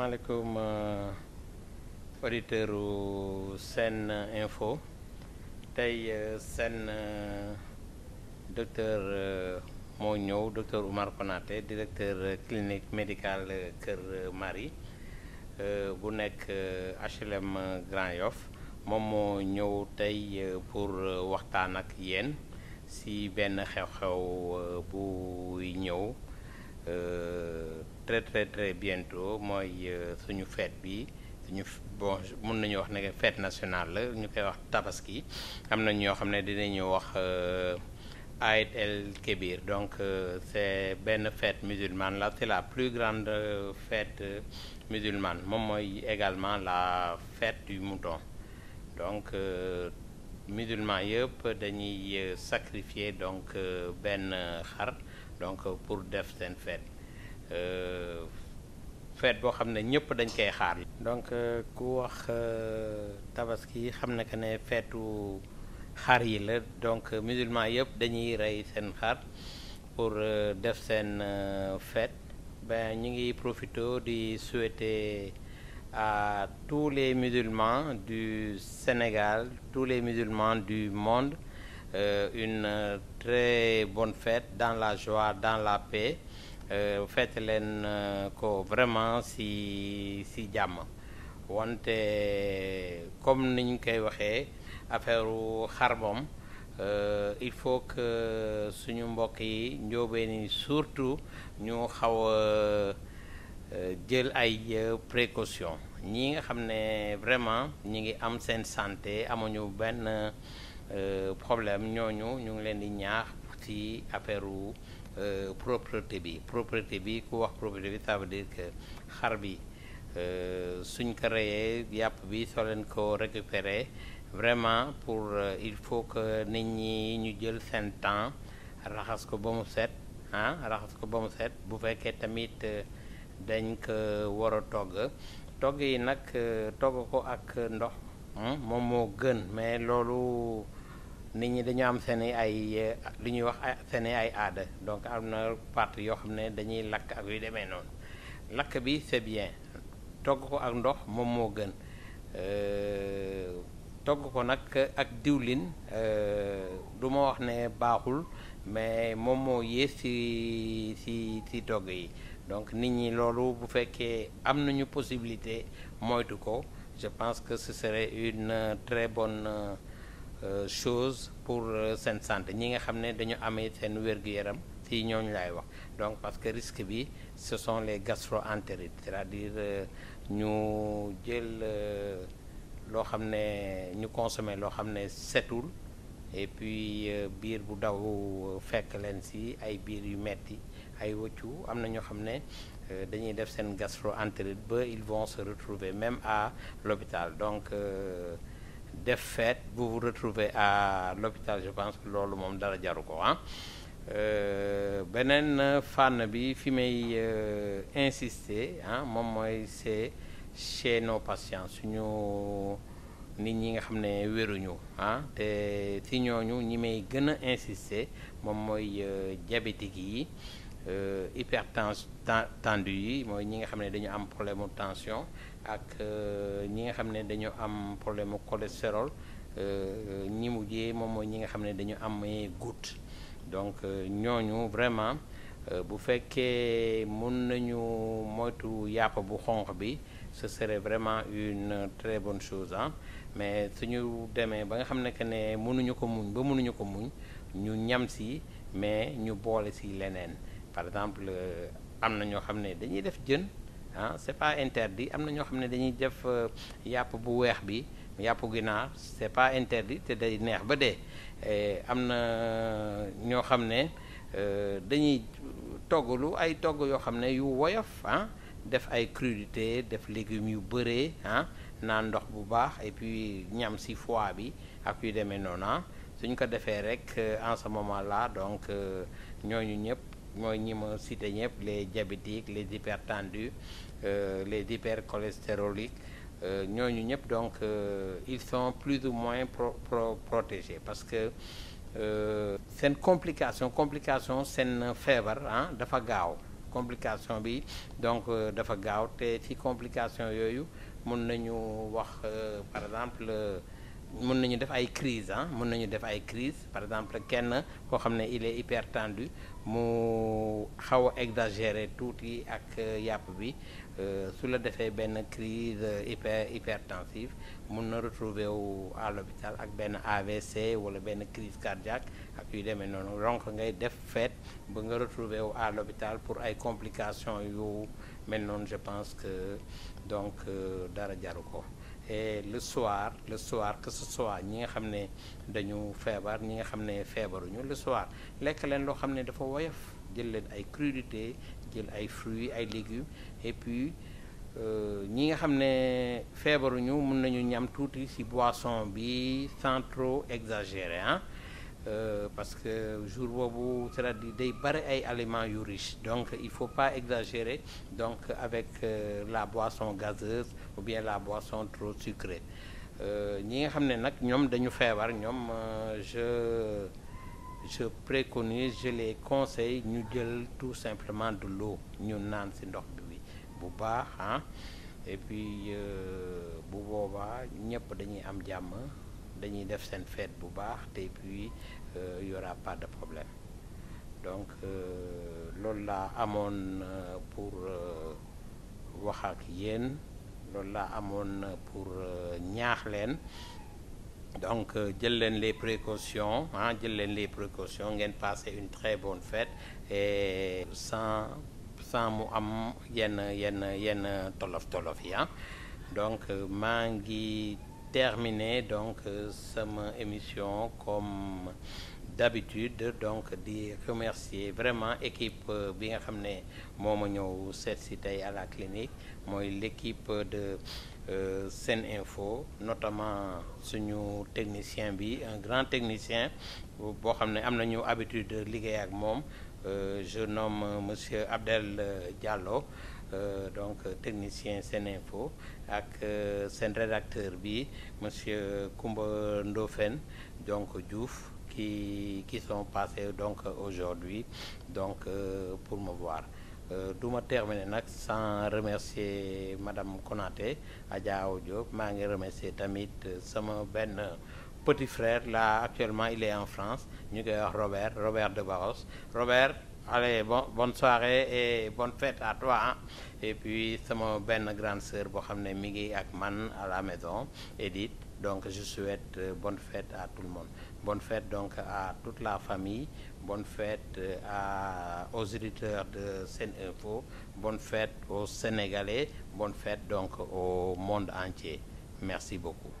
asalaamaaleykum euh, auditeur u Sene Info tey euh, Sene euh, docteur moo ñëw docteur Oumar Konaté directeur clinique médicale Kër Marie bu nekk HLM Grand Yoff moom moo ñëw tey pour waxtaan ak yéen si benn xew-xew buy ñëw très très très bientôt mooy euh, suñu feet bi suñu bon mun nañu wax ne feet national la ñu koy wax tabaski am na ñoo xam ne dinañu wax euh, Aïd el Kébir donc euh, c'est benn feet musulmane la c'est la plus grande fête musulmane moom mooy également la fête du mouton donc musulman yëpp dañuy sacrifier donc benn xar donc pour def seen fête. Euh, feet boo xam ne ñëpp dañ koy xaar. donc euh, ku wax euh, tabaski xam na que ne feetu xar yi la donc musulman yëpp dañuy rey seen xar pour def seen fête ben ñu ngi profito di souhaiter à tous les musulmans du Sénégal tous les musulmans du monde une très bonne fête dans la joie dans la paix. Euh, fete leen euh, ko vraiment si si jàmm wante comme ni koy waxee affaire xar moom euh, il faut que suñu mbokk yi njóobeen yi surtout ñu xaw a jël ay précaution ñi nga xam ne vraiment ñi ngi am seen santé amuñu benn problème ñooñu ñu ngi leen di ñaax ci affaire propreté bi propreté bi ku wax propreté bi ça veut dire que xar bi suñ ko reyee yàpp bi soo leen ko récupérer vraiment pour euh, il faut que nit ñi ñu jël seen temps raxas ko ba mu set ah raxas ko ba mu set bu fekkee tamit euh, dañ ko war a togg togg yi nag euh, togg ko ak ndox hmm, moom moo gën mais loolu nit ñi dañu am seen ay lu ñuy wax seen ay aada donc am na partie yoo xam ne dañuy lakk ak yu demee noonu lakk bi c'est bien togg ko ak ndox moom moo gën euh, togg ko nag ak diwlin euh, du ma wax ne baaxul mais moom moo yées ci ci ci togg yi donc nit ñi loolu bu fekkee am nañu possibilité moytu ko je pense que ce serait une très bonne Euh, chose pour euh, seen santé ñi nga xam ne dañu amee seen wér-gu-yaram ci ñooñ lay wax donc parce que risque bi ce sont les gastro-entérites c'est-à-dire euh, ñu jël loo xam ne ñu consommer loo xam ne setul et puis biir bu daw fekk leen ci ay biir yu metti ay wëccu am na ñoo xam ne dañuy def seen gastro-entérite ba ils vont se retrouver même à l'hôpital donc euh, def fête vous retrouver à l'hôpital je loolu moom dara jaru ko ah euh, beneen fànn bi fi may euh, insister ah moom mooy c'est chez nos patients suñu nit ñi nga xam ne wéruñu ah te ci ñooñu ñi may gën a insister moom mooy euh, diabétique yi Euh, hypertension tendu yi mooy ñi nga xam ne dañu am problème mu tension ak euh, ñi nga xam ne dañu am problème mu cholestérol euh, ñi mujjee moom mooy ñi nga xam ne dañu amee goutte donc ñooñu vraiment bu fekkee mun nañu moytu yàpp bu xonq bi ce serait vraiment une très bonne chose ah mais suñu demee ba nga xam ne que ne mënuñu ko muñ ba mënuñu ko muñ ñu ñam si mais ñu boole si leneen par exemple euh, am na ñoo xam ne dañuy def jën ah c'est pas interdit am na ñoo xam ne dañuy def euh, yàpp bu weex bi yàpp ginaar c'est pas interdit te day neex ba dee eh, am na euh, ñoo xam ne dañuy toggalu ay togg yoo xam ne yu woyof ah def ay crudité def légumes yu bëree ah naan ndox bu baax et puis ñam si foie bi ak yu demee noonu ah. suñ ko defee rek en ce moment là donc ñooñu ñëpp mooy ñi ma cité ñëpp les diabétiques les hypertendus euh, les hypercholestéroliques euh, ñooñu euh, ñëpp donc euh, ils sont plus ou moins pro, pro protégés parce que euh, seen complication complication seen feebar ah dafa gaaw complication bi donc dafa gaaw te ci complication yooyu mun nañu wax par exemple mën nañu def ay crise ah mën nañu def ay crise par exemple kenn koo xam ne il est hyper tendu mu xaw a exagéré tuuti ak euh, yàpp bi euh, su la defee benn crise hyper hypertensive mun na retrouver wu à l'hôpital ak benn AVC wala benn crise cardiaque ak yu demee noonu donc ngay def feet ba nga retrouver wu à l'hôpital pour ay complications yu mel noonu je pense que donc euh, dara jaru ko le soir le soir que ce soit ñi nga xam ne dañu feebar ñi nga xam ne feebaruñu le soir lekk leen loo xam ne dafa woyof jël leen ay crudités jël ay fruits ay légumes et puis euh, ñi nga xam ne feebaruñu mun nañu ñam tuuti ci boisson bi sans trop exagérer Euh, parce que jour boobu c'est-à-dire day bari ay aliments yu riche donc il faut pas exagérer donc avec euh, la boisson gazeuse ou bien la boisson trop sucrée euh, ñi nga xam ne nag ñoom dañu feebar ñoom je je préconise je les conseille ñu jël tout simplement de l'eau ñu naan ci ndox bi bu baax ah et puis bu boobaa ñëpp dañuy am jàmm dañuy def seen fête bu baax te puis il euh, y aura pas de problème donc euh, loolu laa amoon euh, pour wax ak yéen loolu laa amoon pour ñaax leen donc jël leen les précautions ah jël leen les précautions ngeen passer une très bonne fête et sans sans mu am yenn yenn yenn tolof tolof yi ah donc maa ngi. terminer donc euh, sama émission comme d'habitude donc di remercier vraiment équipe euh, bi nga xam ne moo ma ñëw seet si tey à la clinique mooy l'équipe de Euh, Sene Info notamment suñu technicien bi un grand technicien boo xam ne am nañu habitude liggéey ak moom euh, je nomme monsieur Abdel Diallo Euh, donc euh, technicien Seneinfo ak euh, seen rédacteur bi monsieur Koumba ndofen donc Diouf qui qui sont passés donc aujourd'hui donc pour me voir du ma terminer nag sans remercier madame Konaté Adja Awa maa ngi remercier tamit sama benn petit frère là actuellement il est en France ñu koy wax Robert Robert de Barros Robert allez bon bonne soirée et bonne fête à toi hein? et puis sama benn grande sœur boo xam ne mi ngi ak man à la maison Edith donc je souhaite euh, bon fête à tout le monde bonne fête donc à toute la famille bon fête euh, à aux éditeurs de Seneinfo bonne fête aux Sénégalais bonne fête donc au monde entier merci beaucoup